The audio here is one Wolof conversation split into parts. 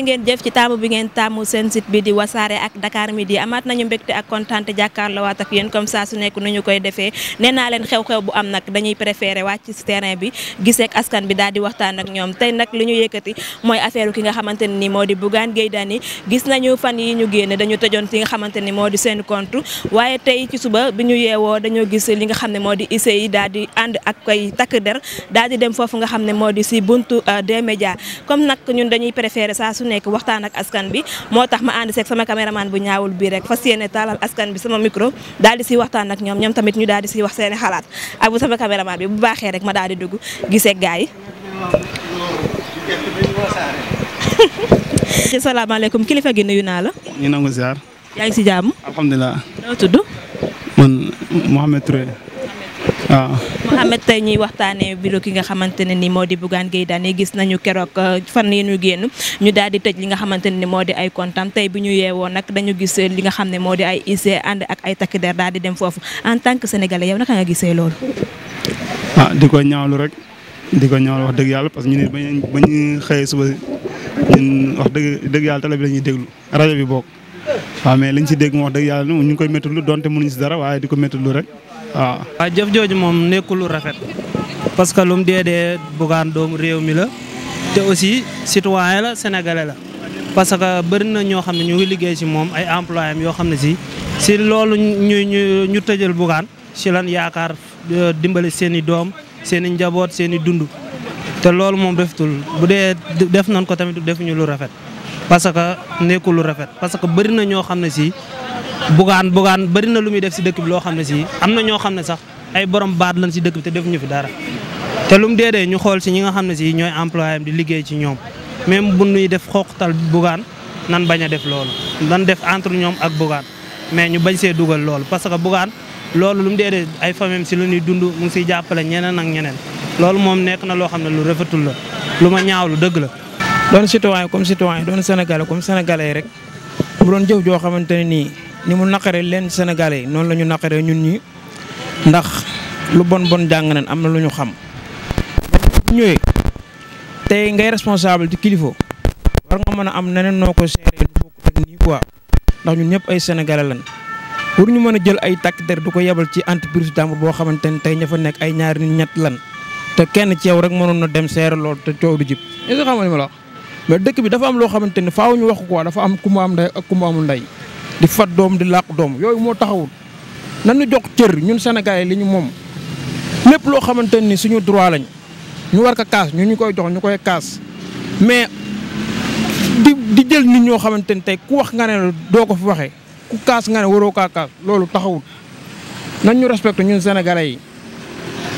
jërë ngeen jëf ci taamu bi ngeen taamu seen site bi di wasaare ak Dakar Midi amaat nañu mbégte ak kontaan te jàkkaarloowaat ak yéen comme ça su nekk ni ñu koy defee nee naa leen xew-xew bu am nag dañuy préféré li nga xamante ne moo di yi ñu génne dañu tëjoon fi nga xamante ni moo di waaye tey ci suba bi ñu yeewoo dañoo gis li nga xam ne moo di ICI daal di ànd ak koy takk der daal di dem foofu nga xam ne moo di si buntu euh, D-Média comme nag ñun dañuy préféré saa su nekk waxtaan ak askan bi moo tax ma ànd seeg sama caméraman bu ñaawul bii rek fas yéene taalal askan bi sama micro daal di siy waxtaan ak ñoom ñoom tamit ñu daal di siy wax seeni xalaat abu sama caméraman bi bu baaxee rek ma daal di dugg gise gaay yi salaamaaleykum kilifa gi nuyu naa la ñu nangu ziar yaa ngi si jàmm alhamdulilah noo tudd waaw. Mouhamed tey ñuy waxtaanee bureau ki nga xamante ne ni moo di Bougane Gueye Dany gis nañu keroog euh, fan yi nu génn ñu daal di tëj li nga xamante ne ni moo di ay kontam tey bi ñu yeewoon nag dañu gis li nga xam ne moo di ay IC ànd ak ay takk der daal di dem foofu en tant que sénégalais yow naka nga gisee loolu. ah di ko ñaawlu rek di ko ñaawlu wax dëgg yàlla parce que ñu ne ba ñu xëyee suba ñun wax dëgg dëgg yàlla télé la ñuy déglu rajo bi bokk waaw mais liñ ci dégg dëgg yàlla ñu ngi koy métti lu donte mënuñ si dara waaye di ko métti lu rek waaw. waaw jëf jooju moom nekkul lu rafet parce que lum mu dee dee bugaan doomu réew mi la te aussi citoyen la sénégalais la parce que bëri na ñoo xam ne ñu ngi liggéey si moom ay employé yoo xam ne si si loolu ñu ñu ñu tëjal bugaan si yaakaar euh, dimbali seen i doom seen i njaboot seen i dund te loolu moom deftul bu dee def nañ ko tamit defuñu lu rafet. parce que nekkul lu rafet parce que bëri na ñoo xam ne si bugaan bugaan bëri na lu muy def si dëkk bi loo xam ne si am na ñoo xam ne sax ay borom baat lañ si dëkk bi te defuñu fi dara te lu mu dee dee ñu xool si ñi nga xam ne si ñooy employé am di liggéey ci ñoom même bu ñuy def xooqtal bugaan nan bañ a def loolu nan def entre ñoom ak bugaan mais ñu bañ see dugal loolu parce que bugaan loolu lu mu dee dee ay famem si lu ñuy dund mu si jàppale ñeneen ak ñeneen loolu moom nekk na loo xam ne lu rafetul la doon citoyen comme citoyen doon sénégalais comme sénégalais rek mu doon jëf joo xamante ne nii ni mu naqaree leen yi noonu la ñu naqaree ñun ñi ndax lu bon bon jàng nañ am na lu ñu xam. ñëwee tey ngay responsable di kilifa war nga mën a am neneen noo ko seeree lu bokk ak nii ndax ñun ñëpp ay sénégalais lañ pour ñu mën a jël ay takk der du ko yebal ci entreprise jàmbur boo xamante ne tey ña fa nekk ay ñaari nit ñett lan te kenn ci yow rek mënoon na dem seere lool te coow du jib mais dëkk bi dafa am loo xamante ni faaw ñu wax ko dafa am ku mu am ndey ak ku mu amul ndey di fat doom di làq doom yooyu moo taxawul nañu jox cër ñun Sénégalais li ñu moom lépp loo xamante ni suñu droit lañ ñu war ko kaas ñu ñu koy jox ñu koy kaas mais di di jël nit ñoo xamante ni tey ku wax nga ne doo ko fi waxee ku kaas nga ne waroo kaa kaas loolu taxawul nañ ñu respecté ñun Sénégalais yi.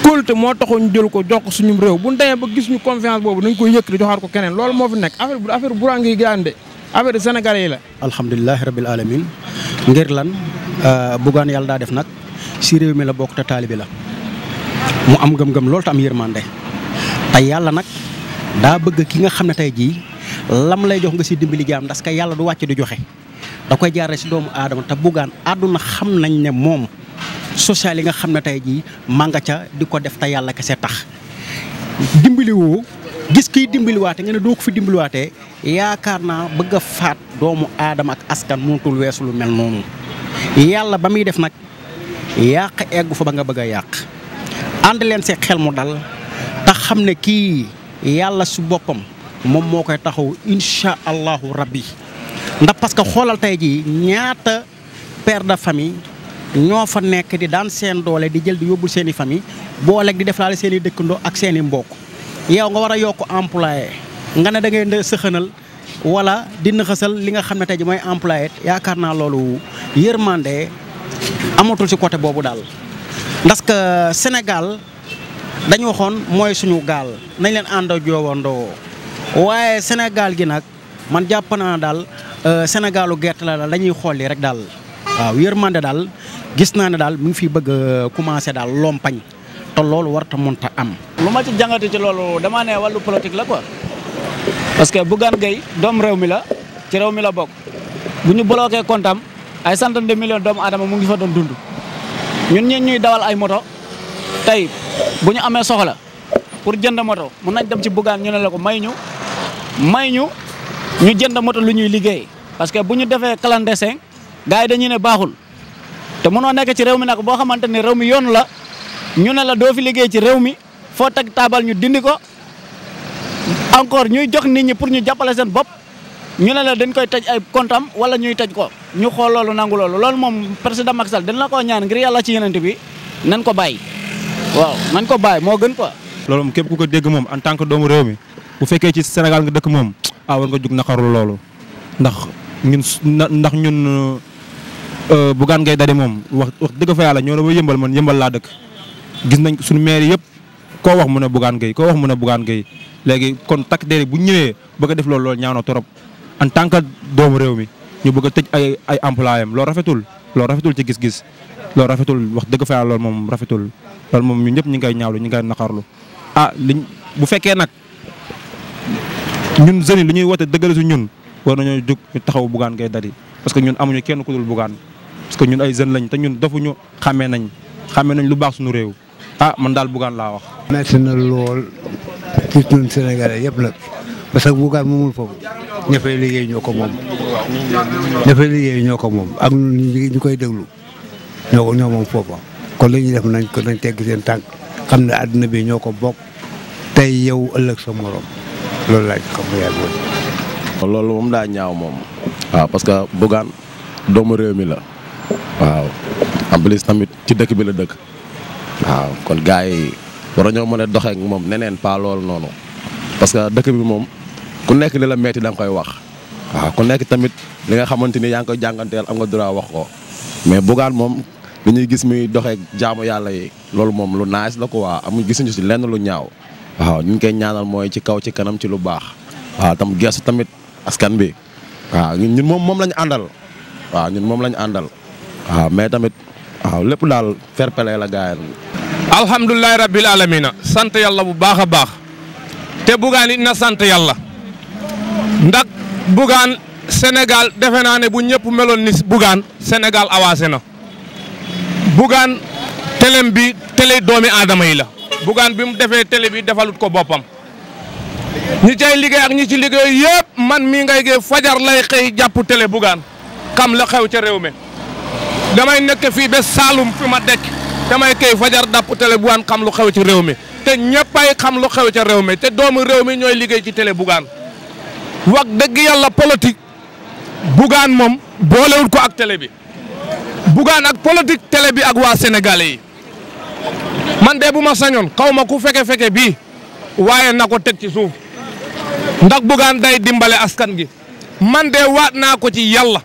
kóolute moo taxoon jël ko jox ko suñu réew bu ñu demee ba gis ñu confiance boobu nañ koy yëkkati joxaat ko keneen loolu moo fi nekk affaire bu affaire burange yi gaan de affaire sénégalais yi la. alhamdulilah rabil alamin ngir lan euh, bugaan yàlla daa def nag si réew mi la bokk te taalibi la mu am gëm-gëm loolu te am yërmande te yàlla nag daa bëgg ki nga xam ne tey jii lam lay jox nga si dimbali jaam ndax que yàlla du wàcc di joxe da koy jaarale si doomu aadama te bugaan àdduna xam nañ ne moom. social yi nga xam ne tey jii maa nga ca di ko def te yàlla kese tax dimbaliwu gis kiy dimbaliwaate nga ne doo ko fi dimbaliwaatee yaakaar naa bëgg faat doomu aadama ak askan mënatul weesu lu mel noonu yàlla ba muy def nag yàq eggu fa ba nga bëgg yàq ànd leen si xel mu dal te xam ne kii yàlla su boppam moom moo koy taxaw insha allahu rabbi ndax parce xoolal tey jii ñaata père de famille ñoo fa nekk di daan seen doole di jël di yóbbul seen i famille booleeg di deflaale seen i dëkkandoo ak seeni i mbokk yow nga war a yokk employé nga ne da ngay sëxanal wala di nëxasal li nga xam ne te ji mooy employé yaakaar naa loolu yërmande amatul si côté boobu daal. parce que Sénégal dañu waxoon mooy suñu gaal nañ leen ànd joowandoo waaye Sénégal gi nag man jàpp naa daal euh, Sénégalu gerte la la dañuy xool yi rek daal waaw yërmande daal. gis naa ne daal mu ngi fiy bëgg a euh, daal lompañ te loolu warta mënta am. lu ma ci jàngate ci loolu damaa ne wàllu la ko parce que Bougane Gueye doom réew mi la ci réew mi la bokk bu ñu bloqué kontam ay centaine de millions doomu adama mu ngi fa doon dundu ñun ñeen ñuy dawal ay moto tey bu ñu amee soxla pour jënd moto mun nañ dem ci Bougane ñu ne la ko may ñu may ñu ñu jënd moto lu ñuy liggéey parce que bu ñu defee clandestin gars yi dañuy ne baaxul. te mënoo nekk ci réew mi nag boo xamante ni réew mi yoonu la ñu ne la doo fi liggéey ci réew mi foo teg taabal ñu dindi ko encore ñuy jox nit ñi pour ñu jàppale seen bopp ñu ne la dañ koy tëj ay kontam wala ñuy tëj ko ñu xool loolu nangu loolu loolu moom président Macky Sall dañ la koo ñaan ngir yàlla ci yeneen bi nañ ko bàyyi waaw nañ ko bàyyi moo gën ko loolu moom képp ku ko dégg moom en tant que doomu réew mi bu fekkee ci Sénégal nga dëkk moom ah war nga jug naqarlu loolu ndax ñun ndax ñun. Euh, Bougane Gueye Dany moom wax wax dëgg fa yàlla ñoo na ba yëmbal man yëmbal laa dëkk gis nañ suñu maire yëpp koo wax mu ne Bougane Gueye ko wax mu ne Bougane Gueye léegi kon takk dere bu ñëwee bëgg a def lool loolu ñaaw na torop en tant que doomu réew mi ñu bëgg a tëj ay ay employé am loolu rafetul loolu rafetul ci gis-gis loolu rafetul wax dëgg fa lool loolu moom rafetul loolu moom ñun ñëpp ñu ngi koy ñaawlu ñi ngi koy naqarlu ah liñ bu fekkee nag ñun jeunes yi lu ñuy woote dëggal su ñun war nañoo jóg ñu taxaw Bougane Gueye Dany parce que ñun amuñu kenn ku dul Bougane parce ñun ay jeunes lañ te ñun dafuñu xamee nañ xamee nañ lu baax suñu réew ah man daal Bougane laa wax. metti na lool ci ñun Sénégalais yëpp nag parce que Bougane moomul foofu ña fay liggéey ñoo ko moom ña fay liggéey ñoo ko moom ak ñun ñu koy déglu ñoo ko ñoo moom foofa kon li ñuy def nañ ko nañ tegg seen tànk xam ne àddina bi ñoo ko bokk tey yow ëllëg sa morom loolu laa xam nga yàlla loolu moom daa ñaaw moom. waaw parce que Bougane doomu réew mi la. waaw en plus tamit ci dëkk bi la dëkk waaw kon gars yi war ñoo mën a doxee ak moom neneen pas loolu noonu parce que dëkk bi moom ku nekk li la metti da koy wax waaw ku nekk tamit li nga xamante ni yaa ngi koy jànganteel am nga droit wax ko mais Bougane moom li ñuy gis muy doxee jaamu yàlla yi loolu moom lu naaj la ko waa amuñ gisuñu si lenn lu ñaaw waaw ñu ngi koy ñaanal mooy ci kaw ci kanam ci lu baax waaw tam tamit askan bi waaw ñun moom lañu àndal waaw ñun moom lañu àndal waaw mais tamit waaw lépp daal fair la gaay alhamdulilahi rabbil alamina sant yàlla bu baax a baax te bugaan it na sant yàlla ndax bugaan senegal defe naa ne bu ñëpp meloon ni bugaan senegal avancé na bugaan télém bi tele doomi aadama yi la bugaan bi mu defee tele bi defalut ko boppam ñi cay liggéey ak ñi ci liggéey yëpp man mii ngay gee fajar lay xëy jàpp télé bugaan kam la xew ca réew mi damay nekk fii be Saalum fi ma dekk damay koy fajar dàpp télé bugaan xam lu xew ci réew mi te ñëppay xam lu xew ca réew mi te doomu réew mi ñooy liggéey ci tele bugaan wax dëgg yàlla politique bugaan moom boolewul ko ak tele bi bugaan ak politique télé bi ak waa Sénégalais yi man de bu ma sañoon xaw ku fekke feke bii waaye na ko teg ci suuf ndax bugaan day dimbale askan gi man de waat naa ko ci yàlla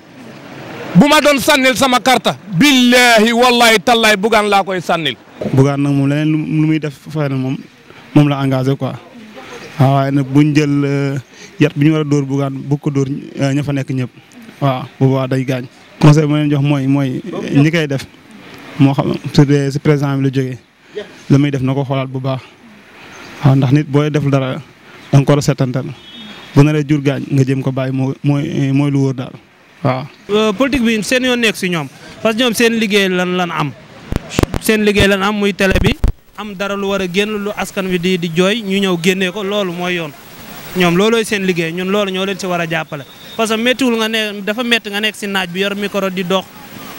bu ma doon sànnil sama karta billahi wallahi tallaay bugaan laa koy sànnil bugaan nag moom leneen lu muy def fay na moom moom la engagé quoi waaw ah, waaye nag buñ jël euh, yat bi ñu war a dóor bugaan bu ko dóor euh, ña fa nekk ñëpp waaw bu boobaa day gaañ conseil jox mooy mooy ñi koy def moo xam bi la jógee la muy def na ko xoolaat bu baax waaw ah, ndax nit booy def dara da nga ko war jur gaañ nga jëm ko bàyyi moo mooy mooy lu wóor daal waaw. Euh, politique bi seen yoon nekk si ñoom parce que ñoom seen liggéey lan lan am seen liggéey lan am muy tele bi am dara lu war a génn lu askan wi di di jooy ñu ñëw génnee ko loolu mooy yoon ñoom loolooy seen liggéey ñun loolu ñoo leen si war a jàppale. parce que méttiwul nga ne dafa métti nga nekk si naaj bi yor micro di dox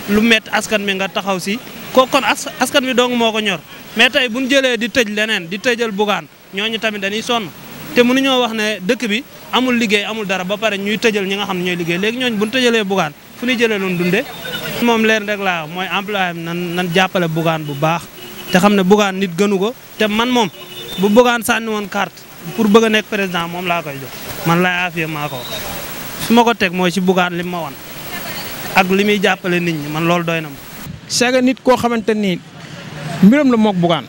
lu métti askan mi nga taxaw si ko kon askan wi dong moo ko ñor mais tey bu ñu jëlee di tëj leneen di tëjal bugaan ñooñu tamit dañuy sonn te mënuñoo wax ne dëkk bi. amul liggéey amul dara ba pare ñuy tëjal ñi nga xam ne ñooy liggéey léegi ñooñ bu ñu tëjalee bugaan fu ñuy jëlee loon dundee moom leen rek laa mooy employé nan nan jàppale bugaan bu baax te xam ne bugaan nit gënu ko te man moom bu bugaan sànni woon carte pour bëgg a nekk président moom laa koy jox man lay affié maa ko su ma ko teg mooy si bugaan lim ma wan ak li muy jàppale nit ñi man loolu doy na ma. c'est nit koo xamante ni mbiram la moog bugaan.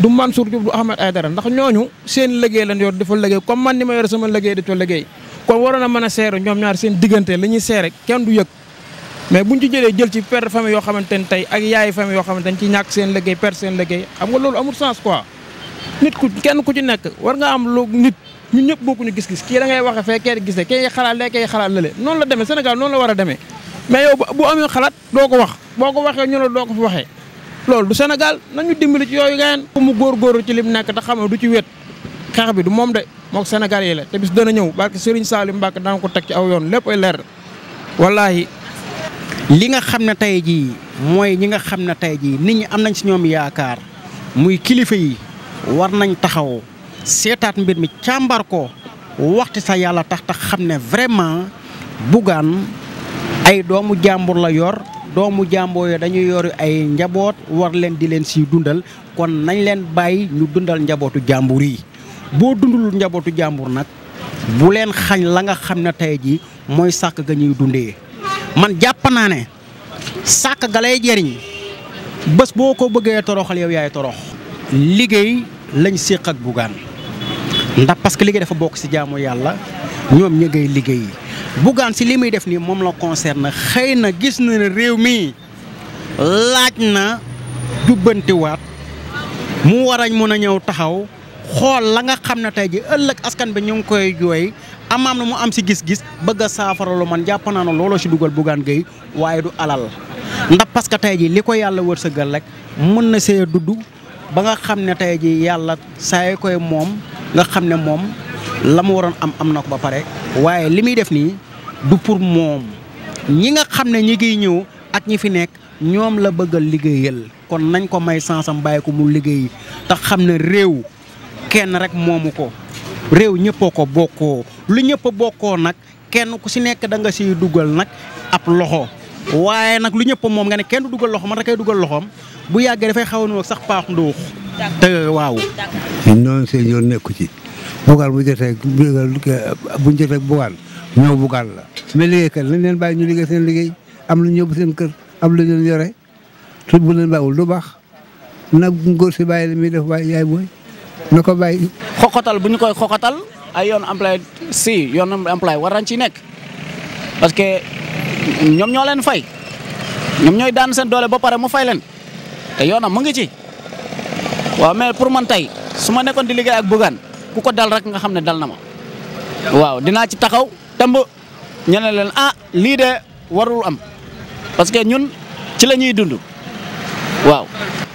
du Mansour Diouf du Ahmed Aïdara ndax ñooñu seen liggéey lañ yor dafa liggéey comme man ni ma yor sama liggéey di ko liggéey kon waroon a mën a seere ñoom ñaar seen diggante li ñuy seere kenn du yëg mais buñ ci jëlee jël ci père famille yoo xamante ne tey ak yaayi famille yoo xamante ne ci ñàkk seen liggéey père seen liggéey xam nga loolu amul sens kenn ku ci nekk war nga am lu nit ñun ñëpp bokkuñu gis-gis kii da ngay waxe fee kenn gis ne kii xalaat noonu la demee Sénégal noonu la war a demee mais yow bu amee xalaat doo ko wax boo ko waxee ñu la doo ko fi waxee loolu du Sénégal nañu dimbali ci yooyu gayeen ku mu góorgóorlu ci lim nekk te xam ne du ci wet xeex bi du moom de mook Sénégal yi la te bis dana ñëw barke Serigne Salim Mbacke dana ko teg ci aw yoon lépp ay leer wallaahi li nga xam ne tey jii mooy ñi nga xam ne tey jii nit ñi am nañ si ñoom yaakaar muy kilifa yi war nañ taxaw seetaat mbir mi càmbar ko waxti sa yàlla tax tax xam ne vraiment Bougane ay doomu jàmbur la yor doomu jàmboo yi dañuy yor ay njaboot war leen di leen si dundal kon nañ leen bàyyi ñu dundal njabootu jàmbur yi boo dundul njabootu jàmbur nag bu leen xañ la nga xam ne tey jii mooy sàkk ga ñuy dundee man jàpp naa ne sàkk ga lay jëriñ bés boo ko bëggee toroxal yow yaay torox. liggéey lañ séq ak bugaan ndax parce que liggéey dafa bokk si jaamu yàlla ñoom ña ngay liggéey. Bougane si li muy def nii moom la concerne xëy na gis na ne réew mi laaj na jubbantiwaat mu war a mun a ñëw taxaw xool la nga xam ne tey ji ëllëg askan bi ñu ngi koy jooy amaam na mu am si gis-gis bëgg a saafara lu man jàpp naa ne looloo si dugal Bougane Gueye waaye du alal ndax parce que tey ji li ko yàlla wërsëgal rek mën na see dudd ba nga xam ne tey ji yàlla saa koy moom nga xam ne moom la mu waroon am am na ko ba pare waaye li muy def nii du pour moom ñi nga xam ne ñi ngi ñëw ak ñi fi nekk ñoom la bëggal liggéeyal kon nañ ko may sansam bàyyi ko mu liggéey te xam ne réew kenn rek moomu ko réew ñëpp a ko bokkoo lu ñëpp bokkoo nag kenn ku si nekk da nga siy dugal nag ab loxo waaye nag lu ñëpp moom nga ne kenn du dugal loxo man rek ay dugal loxoom bu yàggee dafay xaw a sax paax ndox te waaw. noonu seen yoon nekku ci. bu mu jotee bu bu bu ñëw bugaat la mais liggéeykat lañ leen bàyyi ñu liggéey seen liggéey am lu ñu yóbbu seen kër am lu ñu yore te bu leen bàyyiwul du baax nag góor si bàyyi la muy def waaye yaay booy na ko bàyyi. xoxotal bu ñu koy xoxotal ay yoon employé si yoon employé war nañ ci nekk parce que ñoom ñoo leen fay ñoom ñooy daan seen doole ba pare mu fay leen te yoonam mu ngi ci waaw mais pour man tey su ma nekkoon di liggéey ak Bougane ku ko dal rek nga xam ne dal na ma waaw dinaa ci taxaw. temb ñu ne leen ah lii de warul am parce que ñun ci la ñuy dund waaw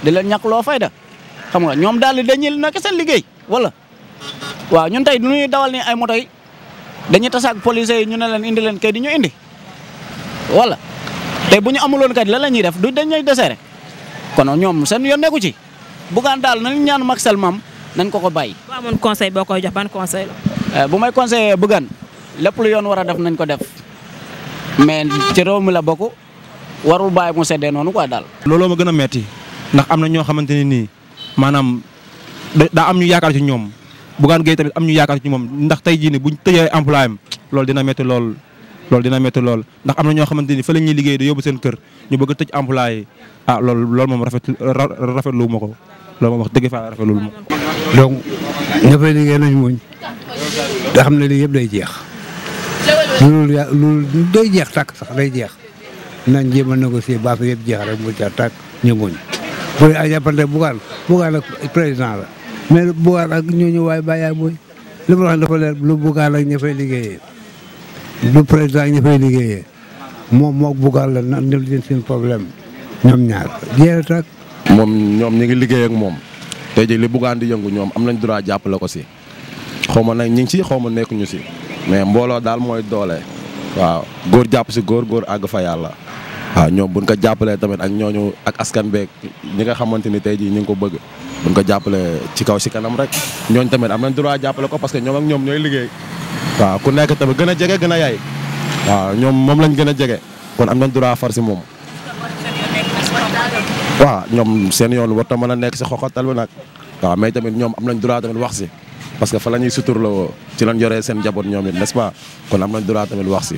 di leen ñàkk loo fayda xam nga ñoom daal di dañuy nekk seen liggéey wala waaw ñun tey du ñuy dawal ni ay moto yi dañuy tasaag yi ñu ne leen indi leen kay di ñu indi wala tey bu ñu amuloon kat lan la ñuy def du dañuy desere kon ñoom seen yoon nekku ci bugaan daal nañ ñaan mag sel maam nañ ko ko bàyyi. bu amoon conseil boo koy jox ban eh, bu may conseillé bugaan. lépp lu yoon war a def nañ ko def mais ci réew mi la bokk warul bàyyi mu seddee noonu quoi daal. looloo ma gën a metti ndax am na ñoo xamante ne nii maanaam daa am ñu yaakaar ci ñoom Bougane Gueye tamit am ñu yaakaar ci moom ndax tey jii bu buñ tëjee emploi am loolu dina metti lool. loolu dina métti lool ndax am na ñoo xamante ni fa la ñuy liggéey da yóbbu seen kër ñu bëgg a tëj emploi yi ah loolu moom rafet rafetlu ma ko loolu moom wax dëgg fa rafetlu ma ko. donc ña fay liggéey nañ muñ te xam ne lii yëpp day jeex. loolu ya loolu day jeex tàkk sax day jeex nañ jéem a négocier ba affaire yëpp jeex rek mu jeex takk ñu muñ bu dee ay jàppante Bougane Bougane président la mais Bougane ak ñooñu waay li ma wax dafa leer lu Bougane ak ña fay liggéeyee lu président ak ña fay liggéeyee moom moog Bougane la nan dem leen seen problème ñoom ñaar jeex tàkk. moom ñoom ñu ngi liggéey ak moom tey jii li Bougane di yëngu ñoom am nañ droit jàppale ko si xaw ma nag ñu si xaw ma nekkuñu si. mais mbooloo daal mooy doole waaw góor jàpp si góor góor àgg fa yàlla waaw ñoom buñ ko jàppalee tamit ak ñooñu ak askan beeg ñi nga xamante ni tey jii ñu ngi ko bëgg buñ ko jàppalee ci kaw si kanam rek ñooñ tamit am nañ droit jàppale ko parce que ñoom ak ñoom ñooy liggéey waaw ku nekk tamit gën a jege gën a yaay waaw ñoom moom lañ gën a jege kon am na droit far si moom waaw ñoom seen yoon war ta mën a nekk si xoxatal bi nag waaw mais tamit ñoom am nañ droit tamit wax si parce que fa la ñuy suturloo ci lañ yoree seen njaboot ñoom it n'est-ce pas kon am nañ droit tamit wax si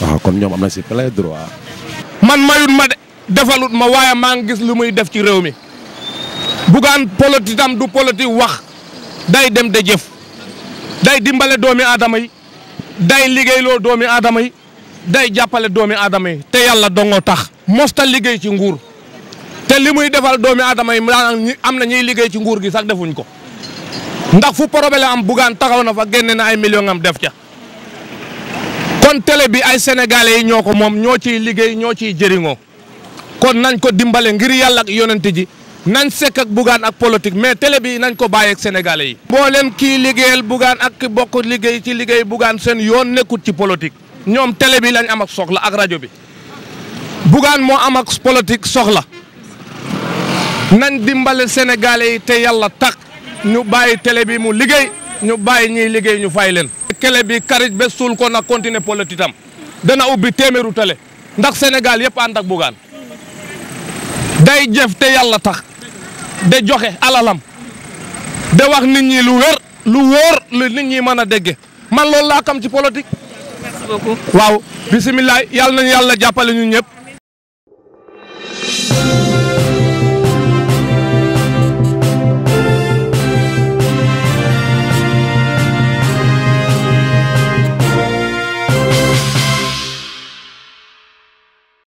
waaw kon ñoom am nañ si plein droit. man ma defalut ma waaye maa ngi gis lu muy def ci réew mi bugaan politique am du politique wax day dem de jëf day dimbale doomi aadama day liggéeyloo doomi aadama yi day jàppale doomi aadama yi te yàlla dongoo tax mosta liggéey ci nguur te li muy defal doomi aadama yi am na ñuy liggéey ci nguur gi sax defuñ ko. ndax fu problème am bugaan taxaw na fa génne na ay millions am def ca kon télé bi ay sénégalais yi ñoo ko moom ñoo ciy liggéey ñoo ciy jëriñoo kon nañ ko dimbale ngir yàlla ak ji nañ sekk ak bugaan ak politique mais télé bi nañ ko bàyyeeg sénégalais yi. boo leen kii liggéeyal bugaan ak ki bokk liggéey ci liggéey bugaan seen yoon nekkut ci politique ñoom télé bi lañ am ak soxla ak rajo bi bugaan moo am ak politique soxla nañ dimbale sénégalais yi te yàlla tax. ñu bàyyi tele bi mu liggéey ñu bàyyi ñiy liggéey ñu fay leen. télé bi karij ba suul ko nag continuer politique am dana ubbi téeméeru télé ndax Sénégal yëpp ànd ak Bougane day jëf te yàlla tax de joxe alalam de wax nit ñi lu wér lu wóor lu ñi mën a dégge man loolu laa xam ci politique. waaw bisimilah yàlla nañu yàlla jàppale ñu ñëpp.